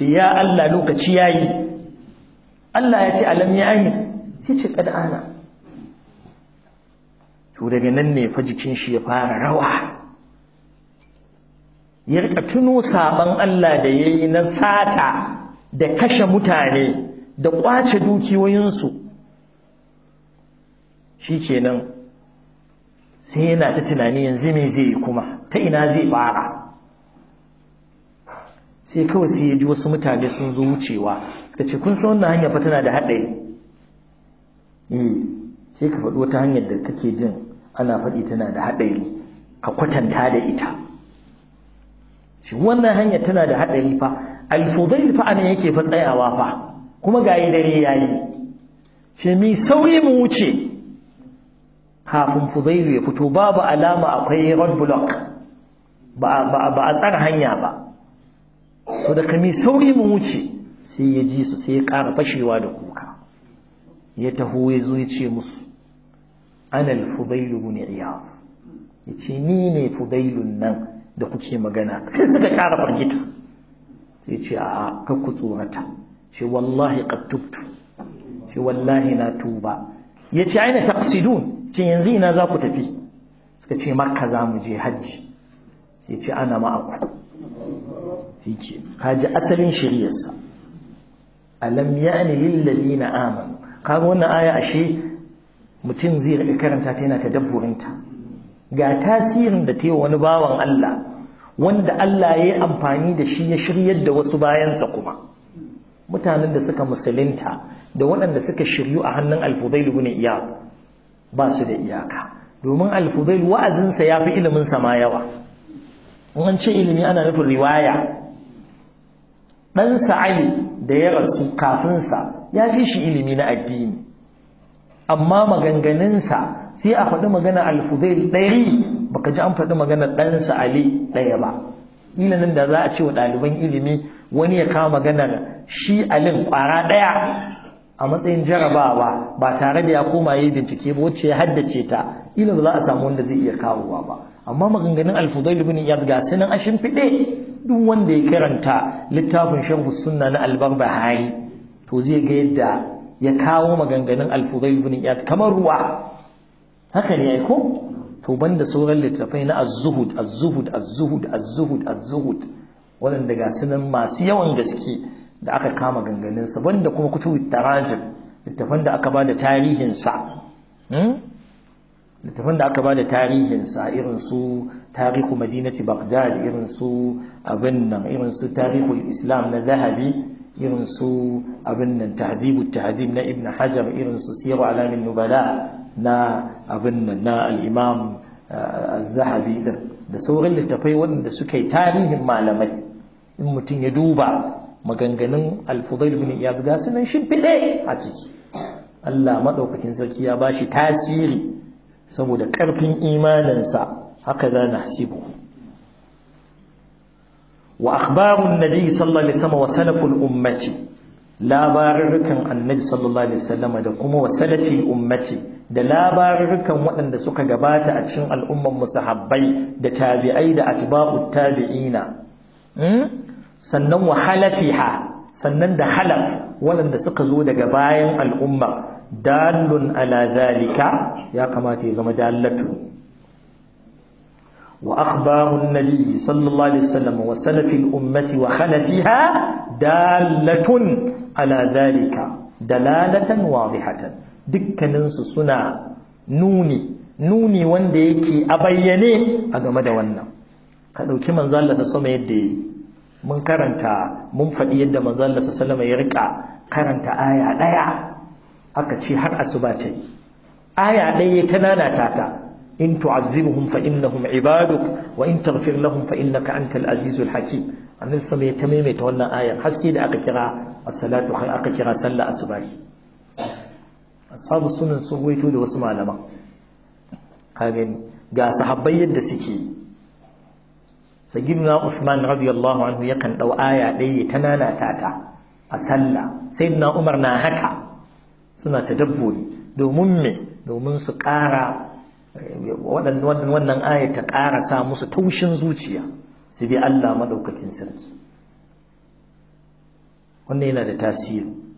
يا الله لوك تشياي الله يتي ألم يعني سيدي قد آنا to daga nan ne fa jikin ya rika tuno saban Allah da ya yi na sata da kashe mutane da kwace dukiyoyinsu shi nan, sai yana ta tunani yanzu mai zai yi kuma ta ina zai fara sai kawai sai ya ji wasu mutane sun zo wucewa suka ce kun san wannan hanya fa tana da haɗari eh sai ka faɗi wata hanyar da kake jin ana faɗi tana da haɗari ka kwatanta da ita wannan hanyar tana da haɗari fa alfudail fa yake fa tsayawa fa kuma gayi dare yayi shi mi sauri mu wuce kafin fudailu ya fito babu alama akwai road block ba a tsara hanya ba to da kami sauri mu wuce sai ya ji su sai ya ƙara fashewa da kuka ya taho ya zo ya ce musu anal fudailu ne ya ce ni ne fudailun nan da kuke magana sai suka ƙara fargita sai ce a kan ku tsorata ce wallahi qattubtu ce wallahi na tuba ya ce aina taqsidun ce yanzu ina za ku tafi suka ce makka za mu je hajji sai ce ana ma'aku shi kaji asalin shiriyarsa alam ya'ni lil na aman. kaga wannan aya ashe mutum zai karanta ta yana ta dabburinta ga tasirin da ta yi wani bawan Allah wanda Allah ya yi amfani da shi ya shiryar da wasu bayansa kuma mutanen da suka musulunta da waɗanda suka shiryu a hannun alfudail ibn iyad ba su da iyaka domin alfudail wa'azinsa ya fi ilimin sa ma yawa in an ce ilimi ana nufin riwaya Ɗansa Ali da ya rasu kafin sa ya fi shi ilimi na addini amma maganganunsa sai a faɗi magana alfuzail ɗari baka ji an faɗi maganar ɗansa ali ɗaya ba Ina nan da za a ce wa ɗaliban ilimi wani ya kama maganar shi alin ƙwara ɗaya a matsayin jarabawa ba tare da ya koma yi bincike ba wacce ya haddace ta Ina ba za a samu wanda zai iya kawowa ba amma maganganun alfuzai, ibn iyad ga sunan a shimfiɗe duk wanda ya karanta littafin shanku sunna na bahari to zai ga yadda ya kawo maganganun alfuzai, ibn iyad kamar ruwa haka ne yi ko to banda sauran littattafai na az-zuhud az-zuhud az-zuhud az-zuhud az-zuhud waɗanda ga sunan masu yawan gaske da aka kama ganganinsa banda kuma kutubu tarajim littafan da aka ba da tarihinsa hmm? littafan da aka ba da tarihinsa irin su tarihu madinati baghdad irin su abin nan irin su tarihu islam na zahabi irin su abin nan tahdibu tahdib na ibn hajar irin su siru alamin nubala na abin nan na al-imam uh, da sauran littafai wanda suka yi tarihin malamai in mutum ya duba maganganun al-fudail ibn iyad ga sunan shimfiɗe a ciki Allah maɗaukacin sarki ya bashi tasiri saboda ƙarfin imaninsa haka za na sibu wa akhbarun nabi sallallahu alaihi wasallam wa salaful ummati labarurrukan annabi sallallahu alaihi wasallam da kuma wa salafil ummati da labarukan waɗanda suka gabata a cikin al'umman musahabbai da tabi'ai da atba'ut tabi'ina hmm? sannan wahala fiha, sannan da halaf waɗanda suka zo daga bayan al'umma dalun ala zalika ya kamata ya zama dalatu wa akhbarun nabi sallallahu alaihi wasallam wa salafil ummati wa khalafiha dalatun ala zalika dalalatan wadihatan dukkaninsu suna nuni nuni wanda yake a bayyane a game da wannan ka ɗauki manzo ta sama yadda yi mun karanta mun faɗi yadda manzo ta ya rika karanta aya ɗaya aka ce har asuba ta yi aya ɗaya ta nanata tata in tu'azzibuhum fa innahum ibaduk wa in taghfir lahum fa innaka antal azizul hakim annabi sama ya ta maimaita wannan ayar har sai da aka kira as-salatu har aka kira sallah asubahi ashabu sunan sun waito da wasu malaman ka gani ga sahabbai yadda suke sayyidina Usman radiyallahu anhu yakan dau aya ɗaya ta nana tata a sallah sayyidina Umar na haka suna tadabburi domin me domin su ƙara wannan aya ta ƙara sa musu taushin zuciya su bi Allah madaukakin sarki wannan yana da tasiri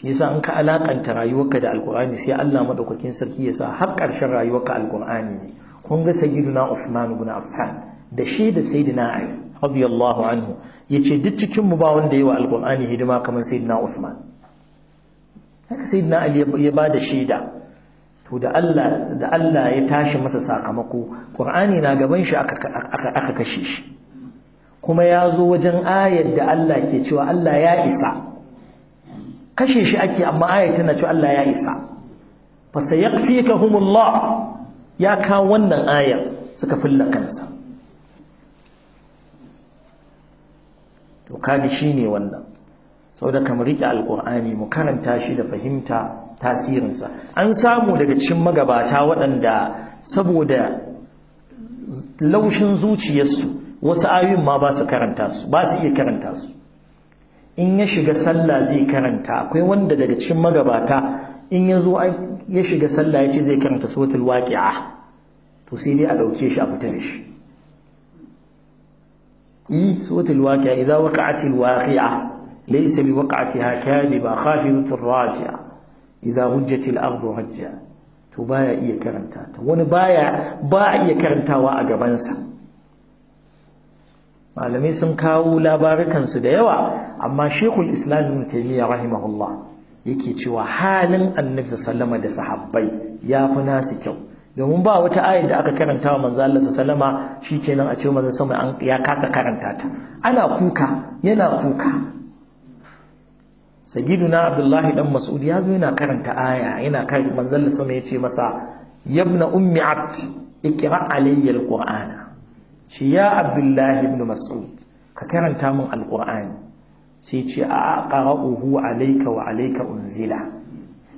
shi yasa in ka alakanta rayuwarka da alkur'ani sai Allah madaukakin sarki ya sa har ƙarshen rayuwarka alkur'ani ne kun ga sayyiduna Uthman ibn Affan da shi da sayyidina Ali radiyallahu anhu yace duk cikin mu ba wanda yawa alkur'ani hidima kamar sayyidina Uthman haka sayyidina Ali ya ba da shaida to da Allah da Allah ya tashi masa sakamako Qur'ani na gaban shi aka aka aka kashe shi kuma ya zo wajen ayar da Allah ke cewa Allah ya isa kashe shi ake amma ayat tana cewa Allah ya isa fa sayaqfikahumullah ya ka wannan ayar suka fulla kansa to kaji shine wannan saboda kamar rike alqur'ani mu karanta shi da fahimta tasirinsa an samu daga cikin magabata waɗanda saboda laushin zuciyarsu wasu ayoyin ma ba su karanta su ba su iya karanta su in ya shiga sallah zai karanta akwai wanda daga cikin magabata in ya zo ya shiga sallah ya ce zai karanta suratul waqi'a to sai dai a dauke shi a fita da shi yi suratul waqi'a idza waqa'atil waqi'a laysa bi waqa'atiha kadhiba khafidatur rafi'a idza hujjatil ardu hajja to baya iya karanta ta wani baya ba iya karantawa a gabansa malamai sun kawo labarukansu da yawa amma shekul islam ibn rahimahullah yake cewa halin annabi salama da sahabbai ya fi nasu kyau domin ba wata ayat da aka karanta wa manzo Allah shi shikenan a cewa manzo sama an ya kasa karanta ta ana kuka yana kuka na abdullahi dan mas'ud ya zo yana karanta aya yana kai manzo sama ya ce masa yabna ummi abd ikra alayya alqur'ana ce ya abdullahi ibn mas'ud ka karanta min alqur'ani sai ce a qara'uhu alayka wa alayka unzila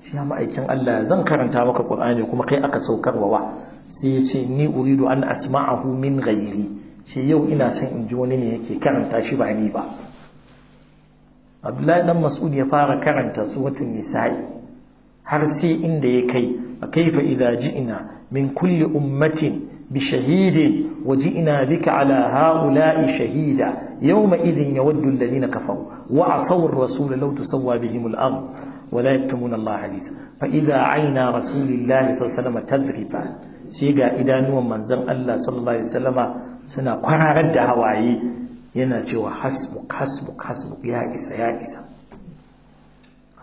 sai ya ma'aikin Allah zan karanta maka qur'ani kuma kai aka saukarwa wa sai ya ce ni uridu an asma'ahu min ghairi ce yau ina son in ji wani ne yake karanta shi ba ni ba Abdullahi dan Mas'ud ya fara karanta suratul nisa'i har sai inda ya kai kaifa idza ji'na min kulli ummatin بشهيد وجئنا بك على هؤلاء شهيدا يومئذ يود الذين كفروا وعصوا الرسول لو تسوى بهم الأرض ولا يكتمون الله حديثا فإذا عينا رسول الله صلى الله عليه وسلم تذرفان سيقى إذا نوى منزل الله صلى الله عليه وسلم سنة قرارد هواي ينجوى حسبك حسبك حسبك يا إسا يا إسا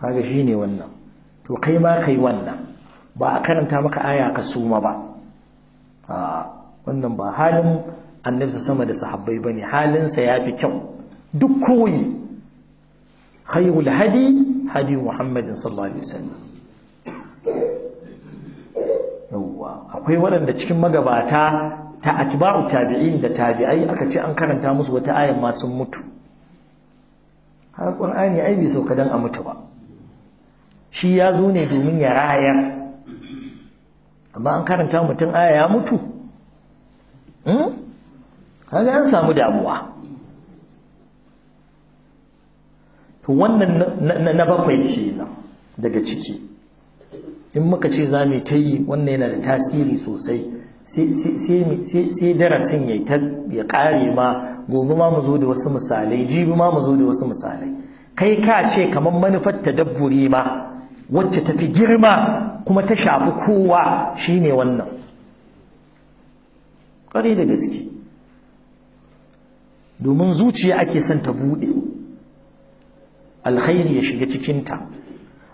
هذا شيني ونا وقيما قيوانا ba a karanta maka aya ka suma ba wannan ba halin annabta sama da sahabbai ba ne, halinsa ya fi kyau duk koyi khayrul hadi hadi muhammadin sallallahu alaihi yawwa akwai waɗanda cikin magabata ta atba'u tabi'in da tabi'ai aka ce an karanta musu wata ayan ma sun mutu har qur'ani ai bai sauka dan a mutu ba shi ya zo ne domin ya rayar amma an karanta mutum aya ya mutu hmm? kaga an samu damuwa to wannan na bakwai kenan daga ciki in muka ce za mu ta yi wannan yana da tasiri sosai sai darasin ya kare ma gobe ma mu zo da wasu misalai jibi ma mu zo da wasu misalai kai ka ce kamar manufar dabburi ma wacce tafi girma kuma ta shafi kowa shine wannan ƙwarai da gaske domin zuciya ake son ta buɗe alkhairi ya shiga cikinta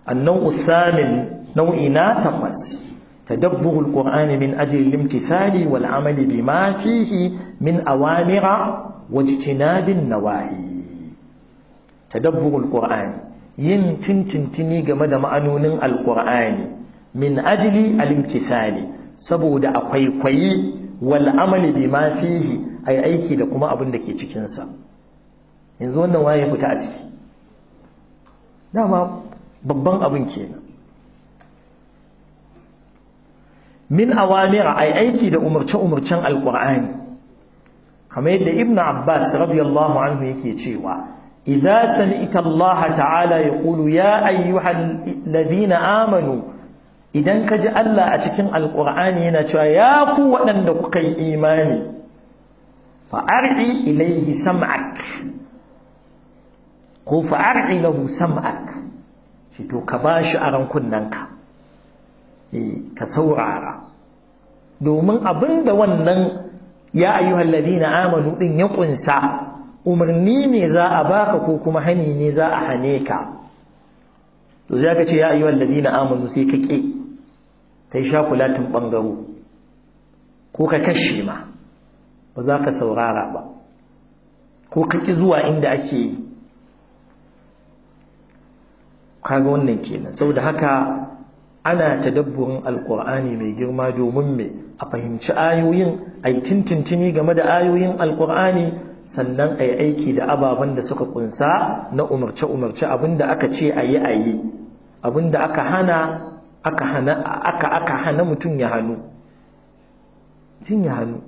annan usamin nau'i na takwas تدبر القرآن من أجل الامتثال والعمل بما فيه من أوامر واجتناب النواهي تدبر القرآن yin tuntuntuni game da ma'anonin Alƙur'ani. min ajili al-imtithali saboda akwai kwayi wal amali bima fihi ai aiki da kuma abin da ke cikin sa yanzu wannan waye fita a ciki dama babban abin kenan min awamira ai aiki da umarce-umarcen alkur'ani kamar yadda ibn abbas radiyallahu anhu yake cewa idza sami'ta allah ta'ala yaqulu ya ayyuhal ladina amanu idan ka ji Allah a cikin alƙur'ani yana cewa ya ku waɗanda kuka yi imani fa'ar'i ilaihi sam'ak ko fa'ar'i lahu sam'ak shi to ka ba shi a rankunanka e, ka saurara domin abinda wannan ya ayyuhal ladina amanu ɗin ya ƙunsa umarni ne za a baka ko kuma hani ne za a hane ka to za ka ce ya ladina amanu sai ka ƙi yi shakulatin ɓangaro ko ka kashe ma ba za ka saurara ba ko ka ƙi zuwa inda ake yi kaga wannan kenan Sau da haka ana ta dabburin alkur'ani mai girma domin mai a fahimci ayoyin a yi tintintini game da ayoyin alkur'ani sannan a yi aiki da ababen da suka kunsa na umarce-umarce abinda aka ce a yi a yi abinda aka hana aka hana aka aka hana mutun ya hanu mutum ya hanu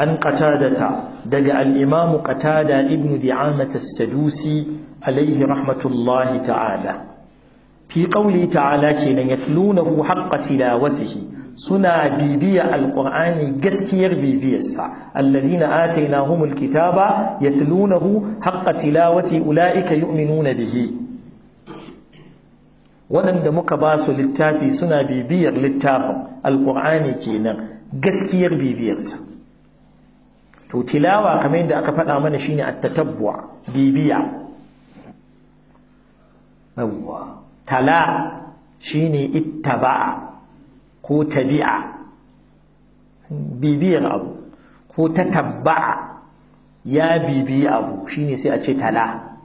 an qatadata daga al-imamu qatada ibnu di'amah as-sadusi alayhi rahmatullahi ta'ala fi qawli ta'ala kenan yatlunahu haqqa tilawatihi suna bibiya alƙur'ani gaskiyar bibiyarsa alladhina atainahumul kitaba yatlunahu haqqa tilawati ulaika yu'minuna bihi waɗanda muka ba su littafi suna bibiyar littafin alƙur'ani kenan gaskiyar bibiyarsa to tilawa kamar yadda aka faɗa mana shine at bibiya yawwa tala shine ittaba'a ko tabi'a bibiyar abu ko tatabba'a ya bibiyi abu shine sai a ce tala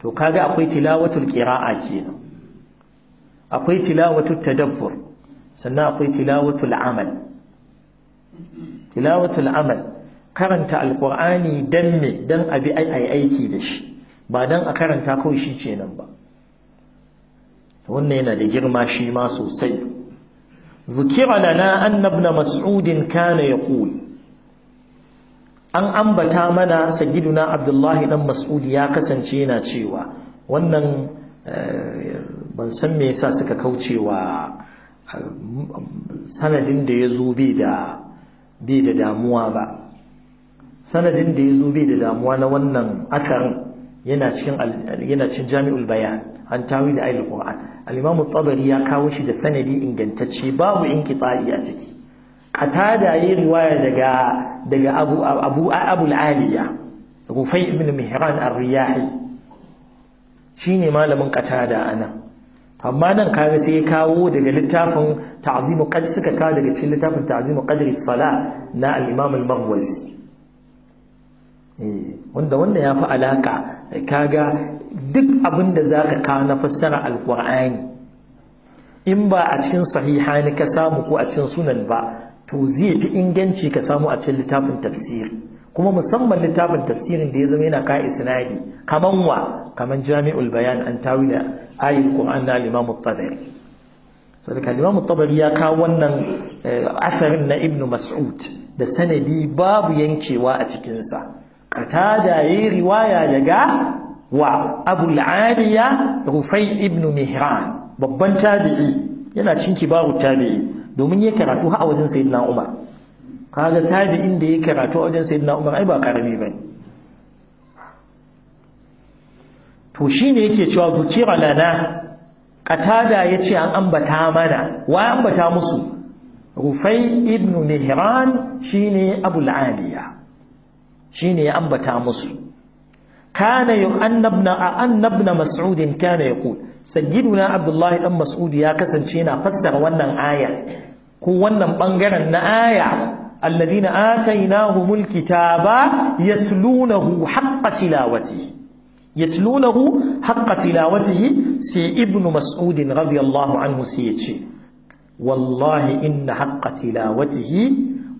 to kaga akwai tilawatul qira'a kenan akwai tilawatu tadabbur sannan akwai tilawatul amal tilawatul amal karanta alkur'ani dan me dan abi ai aiki da shi ba dan a karanta kawai shi kenan ba wannan yana da girma shi ma sosai zukira lana anna ibn mas'ud kana yaqul an ambata mana sayyiduna abdullahi dan mas'ud ya kasance yana cewa wannan Eh, ban san me yasa suka kauce wa eh, sanadin da ya zo bai da damuwa ba sanadin da ya zo bai da damuwa na wannan asarin yana cikin yana cikin jami'ul bayan an tawi da ayyul qur'an al-imam tabari ya kawo shi da sanadi ingantacce babu inqita'i a ciki qatada yi riwaya daga daga abu abu abul aliya rufai ibn mihran ar-riyahi shine malamin qatada anan amma nan kaga sai kawo daga littafin ta'zimu suka kawo daga cikin littafin ta'zimu qadri sala na al-imam al-maghwazi eh, wanda wanda ya fi alaka kaga duk abinda da zaka kawo na fassara al-qur'ani in ba a cikin sahihani ka samu ko a cikin sunan ba to zai fi inganci ka samu a cikin littafin tafsiri kuma musamman littafin tafsirin da ya zama yana ka isnadi kaman wa kaman jami'ul bayan an tawila ayin qur'an na limam imam at-tabari sai kan limam at ya kawo wannan eh, asarin na ibnu mas'ud da sanadi babu yankewa a cikin sa da yayi riwaya daga wa abul aliya rufai ibnu mihran babban tabi'i yana cinki babu tabi'i domin ya karatu har a wajen sayyidina umar kaga tabi'in da ya karatu a wajen sayyidina umar ai ba karami bane to shine yake cewa zukira lana qatada yace an ambata mana wa ambata musu rufai ibn mihran shine abul aliya shine ya ambata musu kana yu'annabna annabna mas'ud kana yaqul sayyiduna abdullahi dan mas'ud ya kasance yana fassara wannan aya ko wannan bangaren na aya alladina atainahumul kitaba yatlunahu haqqa tilawatihi yatlunahu haqqa tilawatihi sai ibnu mas'udin radiyallahu anhu sai yace wallahi inna haqqa tilawatihi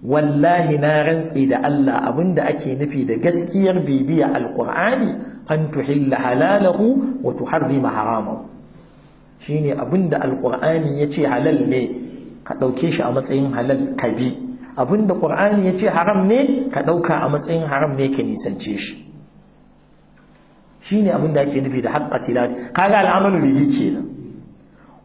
wallahi na rantsi da Allah abun da ake nufi da gaskiyar bibiya alqur'ani an tuhilla halalahu wa tuharrima haramahu shine abinda alqur'ani yace halal ne ka dauke shi a matsayin halal ka bi. abinda ya ce haram ne ka ɗauka a matsayin haram ne ka nisance shi shine abinda ake nufi da haqqa tilawati kaga al'amalu ke kenan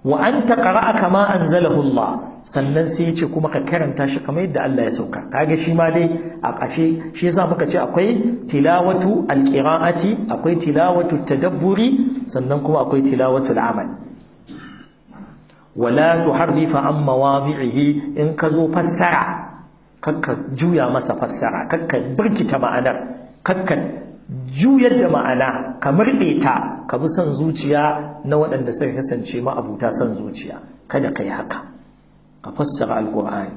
wa anta qara'a kama anzalahu Allah sannan sai ce kuma ka karanta shi kamar yadda Allah ya sauka kaga shi ma dai a kashe shi yasa muka ce akwai tilawatu alqira'ati akwai tilawatu tadabburi sannan kuma akwai tilawatu al'amal wala tuharrifa an mawadhi'ihi in ka zo fassara kakka juya masa fassara kakka birkita ma'anar kakka juyar da ma'ana ka murɗe ta ka bi son zuciya na waɗanda suka kasance ma'abuta son zuciya kada ka yi haka ka fassara alƙur'ani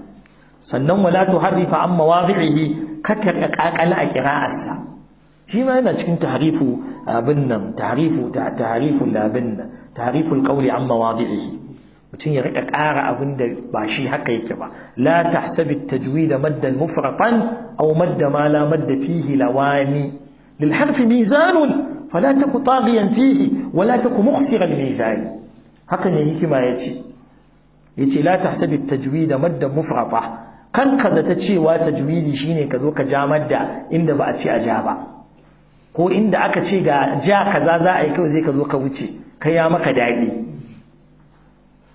sannan wala tuharrifa an mawadhihi ka karka kakala a qira'arsa shi ma yana cikin tahrifu abin nan tahrifu tahriful labin nan tahriful qawli an mawadhihi mutum ya rika ƙara abin da ba shi haka yake ba la tahsabi da maddan mufratan aw madda mala la madda fihi lawani lil mizanun fala taku taghiyan fihi wala taku mukhsiran mizani haka ne hikima yace yace la tahsabi da maddan mufrata kan ka zata cewa shi shine ka zo ka ja madda inda ba a ce a ja ba ko inda aka ce ga ja kaza za a yi kawai zai ka zo ka wuce kai ya maka daɗi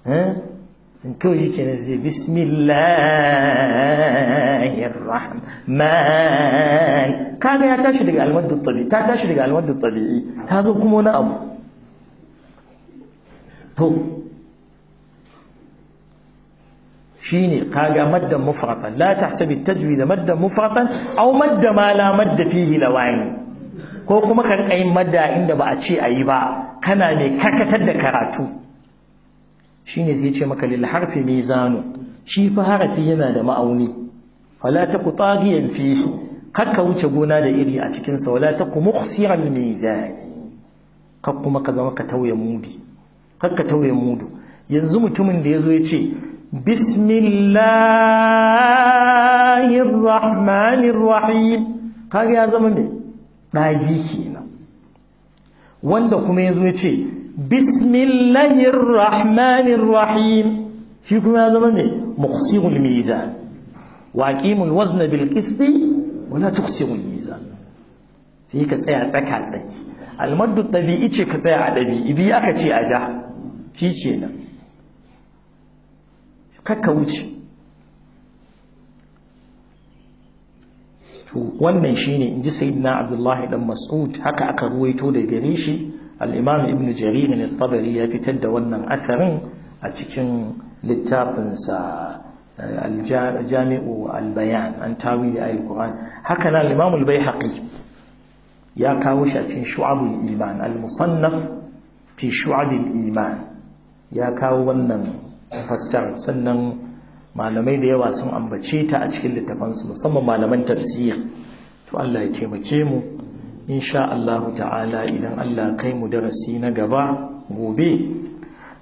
sun kawai yake na zai bismillahirrahman kaga ya tashi daga almadu tabi'i ta tashi daga almadu tabi'i ta zo kuma wani abu to شيني قاقا مدا مفرطا لا تحسب da مدا مفرطا أو مدا ما madda مد فيه لوعين ko kuma kan kai madda inda ba a ce yi ba kana mai kakatar da karatu shine sai ce maka lil harfi mizanu shi fa harafi yana da ma'auni fala taku taghiyan fi kakka wuce gona da iri a cikin sa wala taku mukhsiran mizan kak kuma ka zama ka tauye mudi kakka tauye mudu yanzu mutumin da yazo yace ce bismillahir rahmanir rahim kaga ya zama ne dagi kenan wanda kuma yazo yace bismillahir rahmanir rahim shi kuma ya zama ne muqsimul mizan wa aqimul wazna bil qisti wa la tuqsimul mizan sai ka tsaya tsaka tsaki almaddu ce ka tsaya a ɗabi'i bi aka ce a ja shi ce nan kakka wuce wannan shi ne in abdullahi dan mas'ud haka aka ruwaito da gare shi al'imam ibn jaririn al-tabari ya fitar da wannan asarin a cikin littafinsa eh, al-jami'u al-bayan an tawi da ayi haka na al'imam bai haƙi ya kawo shi a cikin shu'abul iman al fi shu'abul iman ya kawo wannan fassar sannan malamai da yawa sun ambace ta a cikin littafansu musamman malaman tafsir to Allah ya taimake mu insha allahu ta'ala idan Allah kai mu darasi na gaba gobe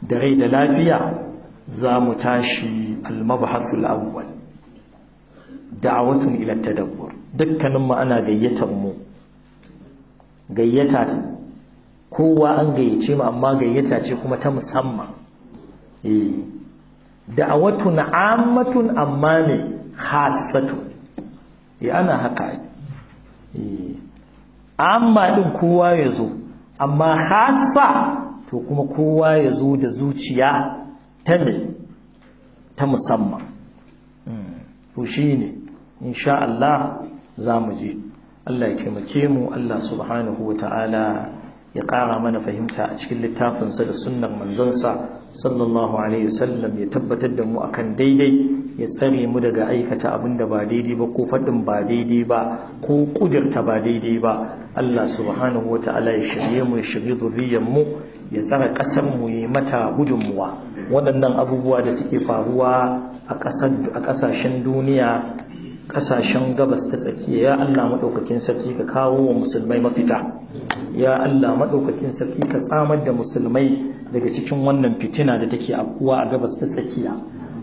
da rai da lafiya za mu tashi almabhasul awwal da'awatun ila tadabbur dukkanin mu ana gayyatar mu gayyata kowa an gayyace mu amma gayyata ce kuma ta musamman eh da'awatun ammatun amma ne khassatu eh ana haka amma din kowa ya zo amma hasa to kuma kowa ya zo da zuciya ta ne ta musamman to shi ne insha Allah za mu je Allah ya kemace mu Allah subhanahu wa ta'ala ya ƙara mana fahimta a cikin littafinsa da sunnar manzonsa, sallallahu alaihi wasallam ya tabbatar da mu akan daidai ya tsare mu daga aikata abin da ba daidai ba ko faɗin ba daidai ba ko ƙudurta ba daidai ba Allah subhanahu wa ta'ala ya shirye mu ya shirye zuriyar mu ya tsara ƙasar mu ya mata gudunmuwa waɗannan abubuwa da suke faruwa a ƙasashen duniya ƙasashen gabas ta tsakiya ya Allah maɗaukakin sarki ka kawo wa musulmai mafita ya Allah maɗaukakin sarki ka tsamar da musulmai daga cikin wannan fitina da take afkuwa a gabas ta tsakiya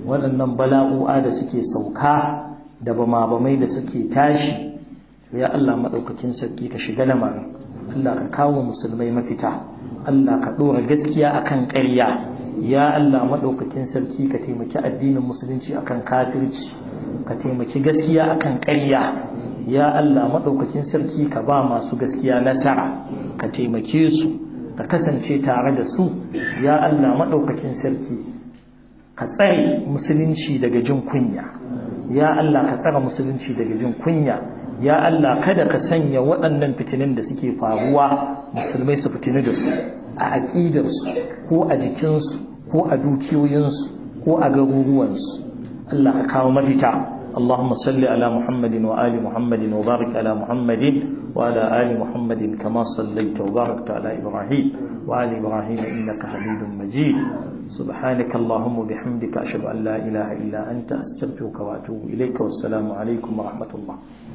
waɗannan bala'u'a da suke sauka da bamabamai da suke tashi ya Allah maɗaukakin sarki ka shiga lamarin Allah ka kawo musulmai mafita Allah ka ɗora gaskiya akan ƙarya ya Allah maɗaukakin sarki ka taimaki addinin musulunci akan kafirci ka taimaki gaskiya akan ƙarya ya Allah maɗaukakin sarki ka ba masu gaskiya nasara ka taimake su ka kasance tare da su ya Allah maɗaukakin sarki ka tsare musulunci daga jin kunya ya Allah ka tsare musulunci daga jin kunya ya Allah kada ka sanya waɗannan fitinin da suke faruwa musulmai su fitini da su a aƙidarsu ko a jikinsu ko a dukiyoyinsu ko a garuruwansu Allah ka kawo mafita اللهم صل على محمد وآل محمد وبارك على محمد وعلى آل محمد كما صليت وباركت على إبراهيم وآل إبراهيم إنك حميد مجيد سبحانك اللهم وبحمدك أشهد أن لا إله إلا أنت أستغفرك وأتوب إليك والسلام عليكم ورحمة الله